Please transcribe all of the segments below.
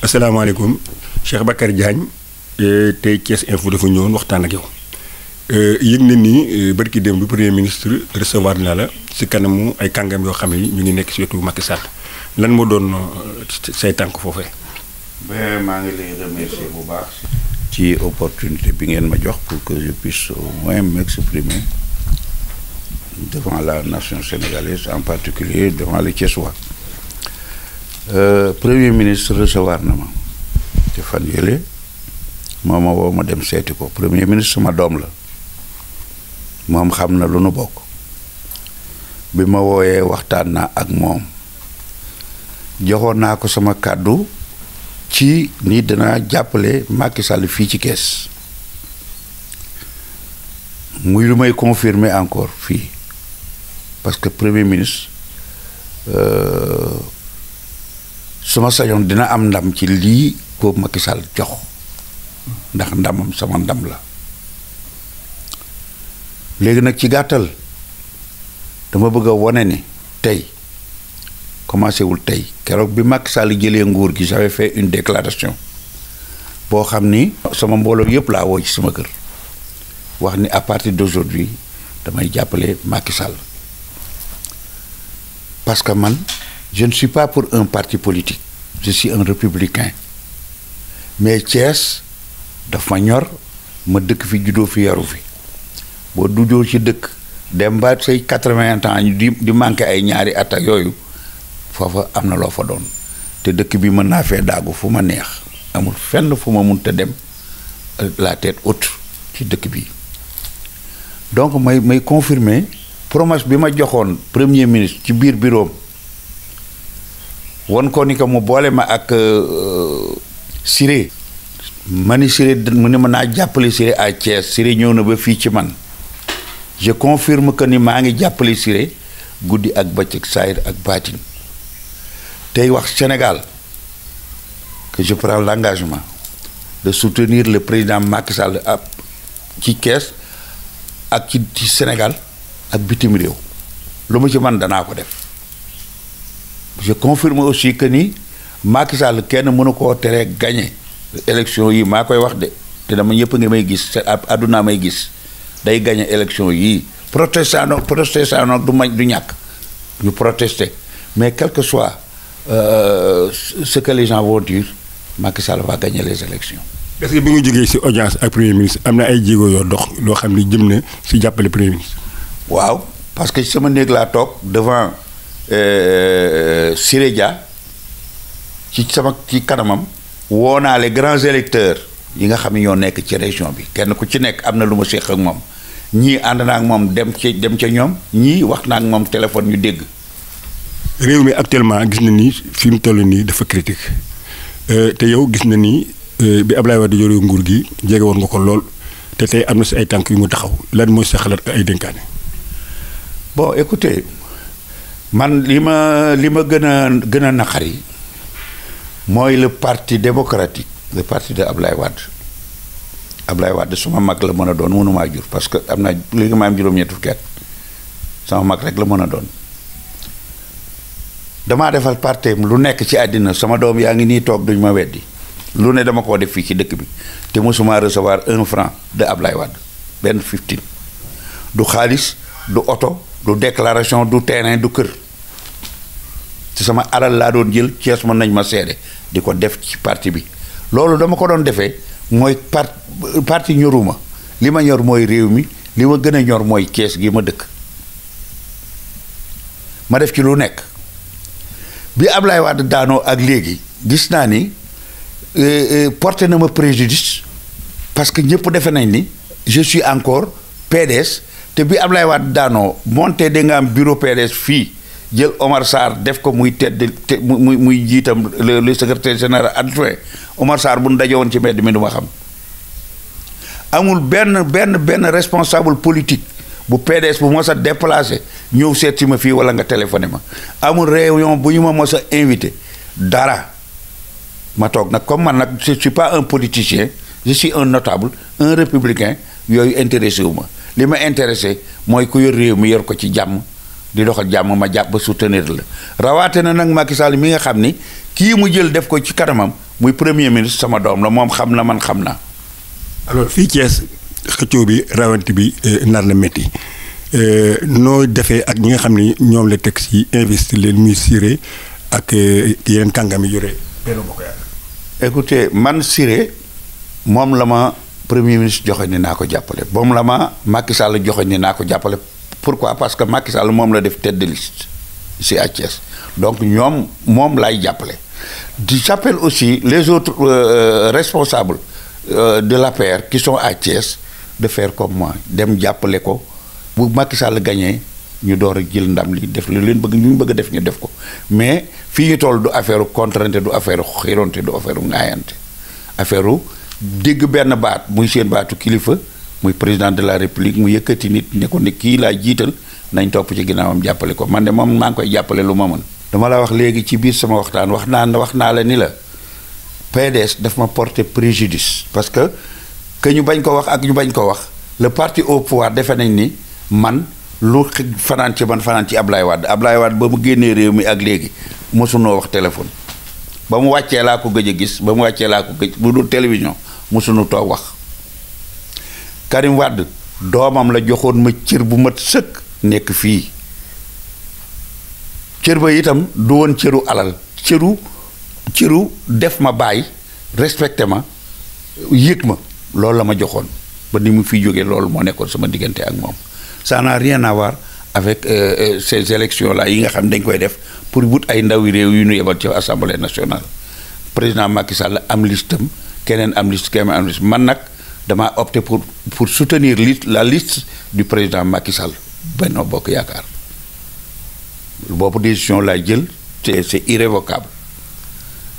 assalamu asalaamaaleykum Cheikh Bakar Diagne eh, tey Thiès Info dafa ñëwoon waxtaan ak yow eh, yëg na ni eh, barki démb bi premier ministre recevoir na la si kanamu ay kàngam yo xam ne ñu ngi nekk ci wetu Macky Sall lan moo doon say fofé ben ma ngi lay remercier bu baax. ci opportunité bi ngeen ma jox pour que je puisse au moins m'exprimer devant la nation sénégalaise en particulier devant les Thiessois. Euh, premier ministre recevoir na ma te fan yële ma dem seeti ko premier ministre ma doom la moom xam na lu nu bokk bi ma wooyee waxtaan naa ak moom joxoon naa ko sama kàddu ci nii danaa jàppale Macky Sall fii ci kees muy lu may confirmer encore fii parce que premier ministre euh, suma yang dina am ndam ci lii ko Macky Sall jox ndax ndamam sama ndam la léegi nag ci gàttal dama bëgg a ni tey commencé wul tey keroog bi Macky Sall jëlee nguur gi j'avais fait une déclaration boo xam ni sama mbooloo yëpp laa woo ci sama kër wax ni à partir d'aujourd'hui damay jàppale Macky Sall parce que man Je ne suis pas pour un parti politique. Je suis un républicain. mais Thiès daf ma ñor ma dëkk fi juddoo fi yaru fi boo ci dëkk say quatre ans di di manqué ay ñaari at ak yooyu foofa am na loo fa doon te dëkk bi mën naa fee daagu fu ma neex amul fenn fu ma mun dem la tête haute ci dëkk bi donc may may confirmer promesse bi ma joxoon premier ministre ci biir bureau wan ko ni ko mu boole ma ak euh, Siré ma ni Siré mu ne ma naa jàppale Siré à Thiès Siré ñëw na ba fii ci man je confirme que ni maa ngi jàppale Siré guddi ak bëccëg saayir ak baatin tey wax Sénégal que je prends l'engagement de soutenir le président Macky Sall ab ci Thiès ak ci Sénégal ak bitim réew lu mu ci man danaa ko def je confirme aussi que ni Macky Sall kenn mënu koo teree gagné élection yi maa koy wax dé té dama ñëpp ngi may gis te àdduna may gis day gagner élection yi protestant no protestant du mañ du ñak ñu protester mais quel que soit euh, ce que les gens vont dire Macky Sall va gagner les élections. est-ce que bi nga jógee ci audience ak premier ministre amna ay jéego yo dox lo xamni jëmné ci jappalé premier ministre. waaw parce que sama néeg la toog devant. Siré euh, Dia ci sama ci kanamam woonaale grands électeurs yi nga xam ne ñoo nekk ci région bi kenn ku ci nekk am na lu ma séq ak moom ñii ànd naa ak moom dem ci dem ca ñoom ñii wax naa ak moom téléphone ñu dégg. réew mi actuellement gis na nii fi mu toll nii dafa critique euh, te yow gis na ni euh, bi Ablaye Wade yore nguur gi jege woon nga ko lool te tey am na si ay tànk yu mu taxaw lan mooy sa xalaat ay dénkaane. bon écoutez. man li ma li ma gën a gën a naqari mooy le parti démocratique le parti de Ablaye Wade Ablaye Wade suma mag la mën a doon mënuma jur parce que am naa léegi ma am juróom-ñetti fukki at sama mag rek la mën a doon damaa defal parteem lu nekk ci àddina sama doom yaa ngi nii toog duñ ma weddi lu ne dama koo def fii ci dëkk bi te mosuma recevoir un franc de Ablaye Wade benn 15 du xaalis du oto du déclaration du terrain du kër ci sama alal laa doon jël Cees mën nañ ma seede di ko def ci parti bi loolu dama ko doon defee mooy part parti ñoruma li ma ñor mooy réew mi li ma gën a ñor mooy Cees gi ma dëkk ma def ci lu nekk bi Ablaye Wade daanoo ak léegi gis naa ni euh, euh, porté na ma préjudice parce que ñëpp defe nañ ni je encore PDS te bi Ablaye Wade daanoo monté da am bureau PDS fii jël Omar Sar, def ko muy tedd muy muy jitam le le secrétaire général adjoint Omar Sar bu nu dajewoon ci mbedd mi du xam amul ben ben ben responsable politique bu PDS bu mos a déplacé ñëw seet ma fi wala nga téléphoner ma amul réunion bu ñuma ma mos invité dara ma tok nak comme man nak je suis pas un politicien je suis un notable un républicain yoyu intéressé wu ma. li ma intéressé mooy ku yor réew mi yor ko ci jàmm di doxal jàmm ma jàpp ba soutenir la rawaate na nag Macky Sall mi nga xam ni kii mu jël def ko ci kanamam muy premier ministre sama doom la moom xam na man xam naa. alors fii Thiès xëccoo bi rawante bi euh, nar na métti euh, noo defee ak ñi nga xam ni ñoom la teg ci investir leen muy Siré ak euh, yeneen kàngam yi yore benn man Siré moom la ma. premier ministre joxe ni naa ko jàppale moom la ma Macky Sall joxe ni naa ko jàppale pourquoi parce que Macky Sall moom la def tête de liste si à donc ñoom moom lay jàppale di j'appelle aussi les autres euh, euh, responsables euh, de l'APR qui sont à de faire comme moi dem jàppale ko bu Macky Sall gagné ñu door a jil ndam li def lu leen bëgg ñu bëgg def ñu def ko mais fi ñu toll du affaire contrainte du affaire xirante du affaire ŋaayante affaire dégg benn baat muy seen baatu kilifa muy président de la république mu yëkkati nit ne ko ne kii laa jiital nañ topp ci ginnaawam jàppale ko man de moom maa koy jàppale lu ma mën. dama la wax léegi ci biir sama waxtaan wax naa wax naa la ni la PDS daf ma porter préjudice parce que que ñu bañ ko wax ak ñu bañ ko wax le parti au pouvoir defe nañ ni man lu fanaan ci man fanaan ci Ablaye Wade Ablaye Wade ba mu génnee réew mi ak léegi mosunoo wax téléphone ba mu wàccee laa ko gëj a gis ba mu wàccee laa ko télévision. mësuñu toog wax Karim Wade doomam la joxoon ma cër bu mat sëkk nekk fii cër ba itam du woon cëru alal cëru cëru def ma bàyyi respecté ma yëg ma loolu la ma joxoon ba ni mu fi jógee loolu moo nekkoon sama diggante ak moom ça n'a rien à voir avec euh, euh, ces élections là yi nga xam dañ koy def pour wut ay ndawi réew yu ñu yebal ci assemblée nationale président Macky am listam keneen am liste keneen am liste man nag damaa opté pour pour soutenir liste la liste du président Macky Sall Benno Bokk Yaakaar boobu décision laa jël te c'est irrévocable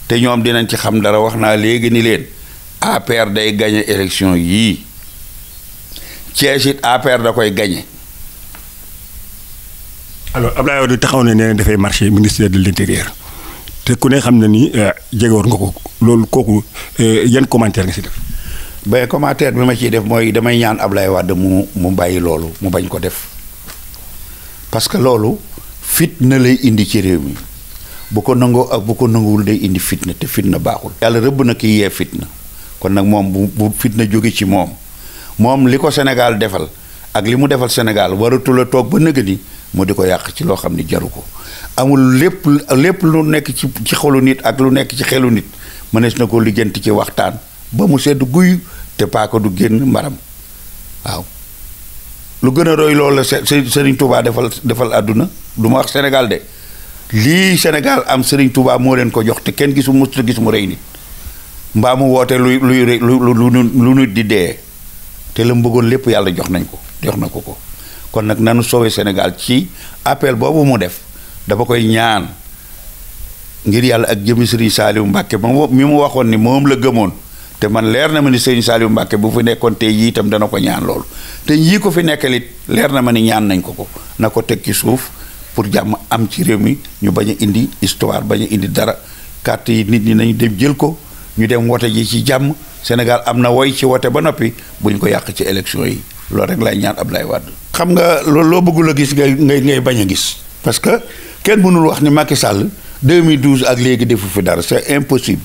te ñoom dinañ ci xam dara wax naa léegi ni leen APR day gañe élection yii Thiès it APR da koy gañe alors Abdoulaye Wade taxaw na ne dafay marché ministère de l'intérieur te ku ne xam na ni euh, jegewoon nga ko loolu kooku euh, yan commentaire nga si def. ba commentaire bi ma ciy def mooy damay ñaan Ablaye Wade mu mu bàyyi loolu mu bañ ko def parce que loolu fitna lay indi ci réew mi bu ko nangoo ak bu ko nanguwul day indi fitna te na baaxul. yàlla rëbb na ki yee fitna kon nag moom bu fit na jóge ci moom moom li ko Sénégal defal ak li mu defal Sénégal waratula toog ba nëgë ni mu di ko yàq ci loo xam ni jaru ko amul lépp lépp lu nekk ci ci xolu nit ak lu nekk ci xelu nit mënees na ko lijjanti ci waxtaan ba mu sedd guy te paaka du génn mbaram waaw lu gën a roy lool la Serigne Touba defal àdduna du ma wax lii Sénégal am Serigne Touba moo leen ko jox te kenn gisu mos a gis mu rey nit mbaa mu woote lu luy lu lu lu nit di dee te la mu bëggoon lépp yàlla jox nañ ko jox na ko ko. kon nag nanu soowee Sénégal ci appel boobu mu def dafa koy ñaan ngir yàlla ak jëmi Serigne Saliou Mbacke mi mu waxoon ni moom la gëmoon te man leer na ma ni Serigne Saliou Mbacke bu fi nekkoon tey yii itam dana ko ñaan loolu te yii ko fi nekkalit leer na ma ni ñaan nañ ko ko na ko teg ci suuf pour jàmm am ci réew mi ñu bañ a indi histoire bañ a indi dara carte yi nit ñi nañu dem jël ko ñu dem wote ji ci jàmm Sénégal am na woy ci wote ba noppi buñ ko yàq ci élection yi loolu rek lay ñaan Ablaye xam nga loo bëggul a gis ngay ngay ngay bañ a gis parce que kenn mënul wax ni Macky Sall 2012 ak léegi defu fi dara c'est impossible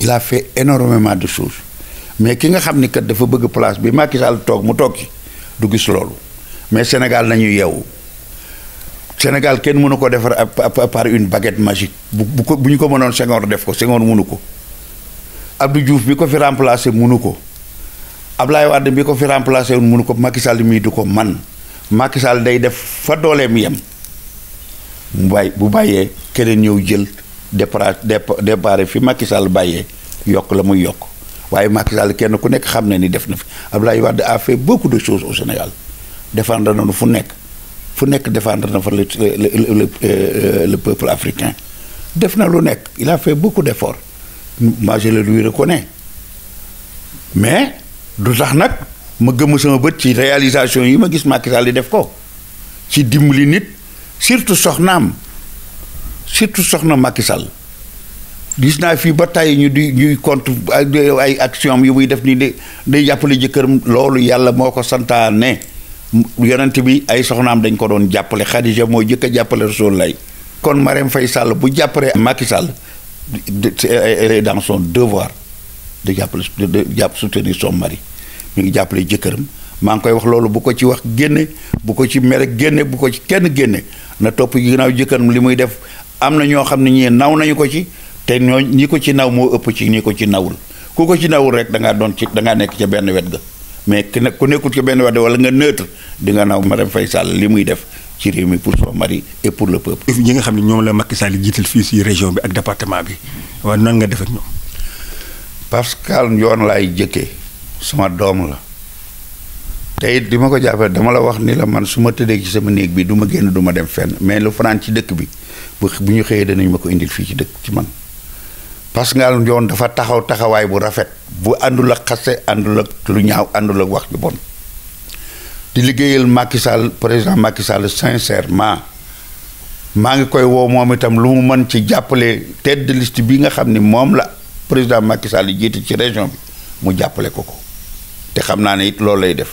il a fait énormément de choses mais ki nga xam ni kat dafa bëgg place bi Macky Sall toog mu toog du gis loolu mais Sénégal nañu yeewu Sénégal kenn mënu ko defar par une baguette magique bu ñu ko mënoon Senghor def ko Senghor mënu ko Abdou Diouf bi ko fi remplacer mënu ko Ablaye Wade bi ko fi remplacer woon mënu ko Macky Sall mi du ko man Macky Sall day def fa dolem yem mu bàyyi bu baye keneen ñëw jël départ fi Macky Sall baye yok la muy yok waye Macky Sall kenn ku nek xam na ni def na fi Ablaye Wade a fait beaucoup de choses au Sénégal défendre nañu fu nek fu nek défendre na fa le le le euh, peuple africain def na lu nek il a fait beaucoup d'efforts moi je le lui reconnais mais. du tax nag ma gëmm sama bët ci réalisation yi ma gis Macky Sall di def ko ci dimb li nit surtout soxnaam surtout soxna Macky Sall gis naa fii ba tàyyi ñu di ñuy contre ay action yu muy def nii de day jàppale jëkkër loolu yàlla moo ko ne yonent bi ay soxnaam dañ ko doon jàppale Khadija moo jëkk a jàppale Rasulullah kon Marème fay sàll bu jàppale Macky Sall elle est dans son devoir de jàppale de jàpp soutenir son mari mi ngi jàppale jëkkëram maa ngi koy wax loolu bu ko ci wax génne bu ko ci mere génne bu ko ci kenn génne na topp ginnaaw jëkkëram li muy def am na ñoo xam ne ñii naw nañu ko ci te ñoo ñi ko ci naw moo ëpp ci ñi ko ci nawul ku ko ci nawul rek da doon ci da ngaa nekk ca benn wet ga mais ku nekkul ca benn wet ga wala nga neutre di nga naw Marème fay Sall li muy def ci réew mi pour son mari et pour le peuple. ñi nga xam ne ñoom la Macky Sall jiital fii si région bi ak département bi waaye nan nga def ak ñoom. Pascal yoon laay jëkkee. suma doom la te it di ma ko jàppale dama la wax ni la man suma ma tëddee ci sama néeg bi du ma génn duma dem fenn mais lu fanaan ci dëkk bi bu bu ñu xëyee danañ ma ko indi fii ci dëkk ci man Pascal yoon dafa taxaw taxawaay bu rafet bu àndul ak xase àndul ak lu ñaaw àndul ak wax ju bon di liggéeyal Macky Sall président Macky Sall sincèrement maa ngi koy woo moom itam lu mu mën ci jàppale tête de bi nga xam ni moom la président Macky Sall jiit ci région bi mu jàppale ko ko. te xam naa ne it loolu lay def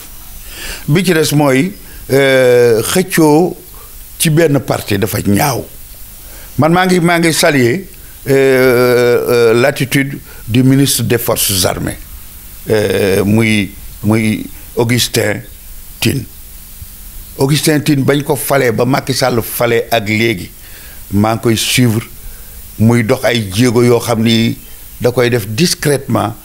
bi ci des mooy euh, xëccoo ci benn parti dafa ñaaw man maa ngi maa ngi saluer euh, euh, l'attitude du ministre des forces armées muy muy Augustin tin Augustin Tine bañ ko falee ba Macky Sall fale ak léegi maa ngi koy suivre muy dox ay jéego yoo xam ni da koy def discrètement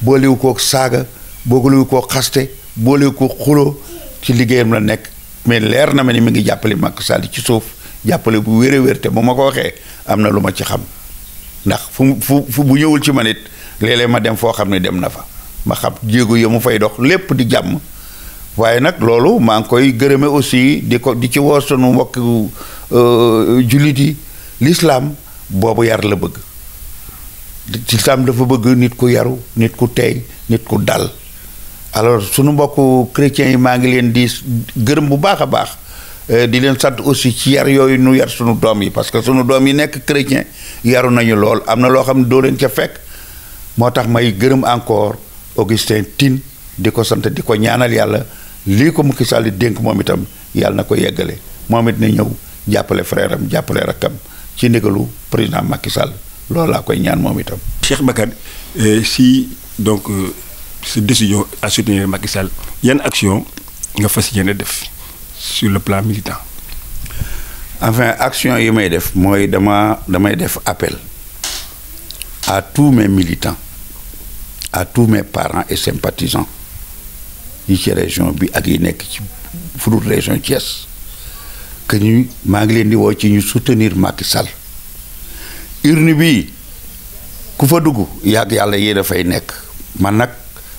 boolewu kook saaga boogaluwu koo xaste boolewu ko xuloo ci liggéeyam la nekk mais leer na ma ni mi ngi jàppale Macky Sall ci suuf jàppale bu wér a wér ma ko waxee am na lu ma ci xam ndax fu fu ñëwul ci man it ma dem foo xam ne dem na fa ma xam jéego ya mu fay dox lépp di jàmm waaye nag loolu maa ngi koy gërëme aussi di ko di ci woo sunu mbokk euh, jullit yi lislaam boobu yar la bëgg lislaam dafa bëgg nit ku yaru nit ku teey nit ku dal alors sunu mbokku chrétiens yi maa ngi leen di gërëm bu baax a baax euh, di leen sant aussi ci yar yooyu nu yar sunu doom yi parce que sunu doom yi nekk chrétien yaru nañu lool am na loo xam ne doo leen ca fekk moo tax may gërëm encore Augustin Tine di ko sant di ko ñaanal yàlla lii ko mukki Sall dénk moom itam yàlla na ko yeggale moom it na ñëw jàppale frère am jàppale rakkam ci ndigalu président Macky Sall loolu laa koy ñaan moom itam. Cheikh Bakar euh, cette décision à soutenir y a une action que vous sur le plan militant. enfin action que may appel à tous mes militants à tous mes parents et sympathisants de la région de ak que nous, nous soutenir Macky Sall urne bi ku fa des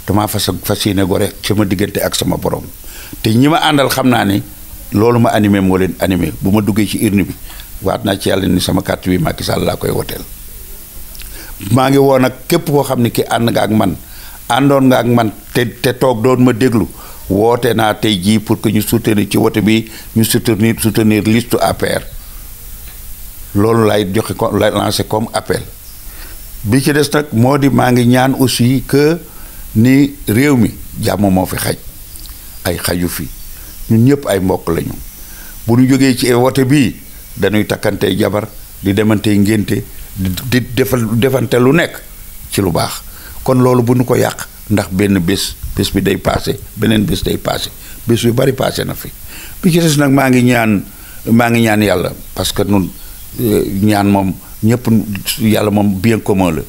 dama fas fas yéene gore ci ma diggante ak sama borom te ñi ma àndal xam naa loolu ma animé moo leen animé ma ci irni bi waat naa ci ni sama carte bi Macky Sall laa koy woteel maa ngi woo nag képp koo xam ne ki ànd nga ak man àndoon nga ak man te te toog doon ma déglu woote naa tey jii pour que ñu soutenir ci wote bi ñu soutenir soutenir liste APR loolu lay joxe lay comme appel bi ci des nag di ngi ñaan aussi que ni réew mi jàmm moo fi xaj ay xaju fi ñun ñëpp ay mbokk lañu bu ñu jógee ci wote bii dañuy takkante jabar di demante ngénte di defal defante lu nekk ci lu baax kon loolu bu ñu ko yàq ndax benn bés bés bi day paase beneen bés day paase bés yu bari paase na fi bi nag maa ngi ñaan maa ngi ñaan yàlla parce que nun eh, ñaan moom ñëpp yàlla moom bien commun la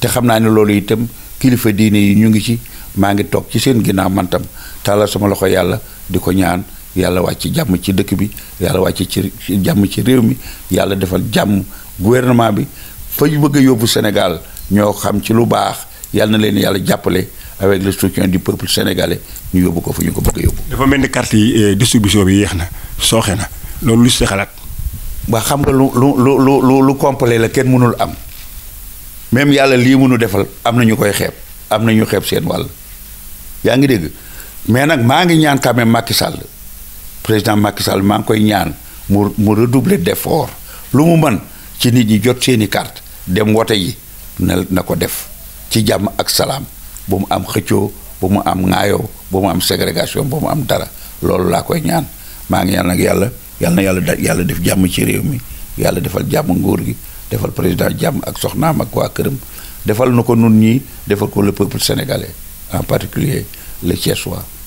te xam naa ne loolu itam kilifa diine yi ñu ngi ci maa ngi toog ci seen ginnaaw mantam tàllal sama loxo yàlla di ko ñaan yàlla wàcc jàmm ci dëkk bi yàlla wàcc ci jàmm ci réew mi yàlla defal jàmm gouvernement bi fa ñu bëgg a yóbbu Sénégal ñoo xam ci lu baax yàlla na leen yàlla jàppale avec le soutien du peuple sénégalais ñu yóbbu ko fu ñu ko bëgg a yóbbu. dafa mel ni carte yi eh, distribution yi yéex na sooxe na loolu lu si xalaat. waa lu lu lu lu la kenn mënul am. même yàlla lii mu defal am na ñu koy xeeb am na ñu xeeb seen wàll yaa ngi dégg mais nag maa ngi ñaan quand même Macky président Macky Sall maa ngi koy ñaan mu mu redoubler d'effort lu mu man ci nit ñi jot seeni carte dem wote yi na na ko def ci jàmm ak salaam bu mu am xëccoo bu mu am ŋaayoo bu mu am ségrégation bu mu am dara loolu laa koy ñaan maa ngi ñaan nag yàlla yàlla na yàlla def jàmm ci réew mi yàlla defal jàmm ngóor gi defal président jàmm ak soxnaam ak waa këram defal na ko nun ñii defal ko le peuple sénégalais en particulier les Thiessois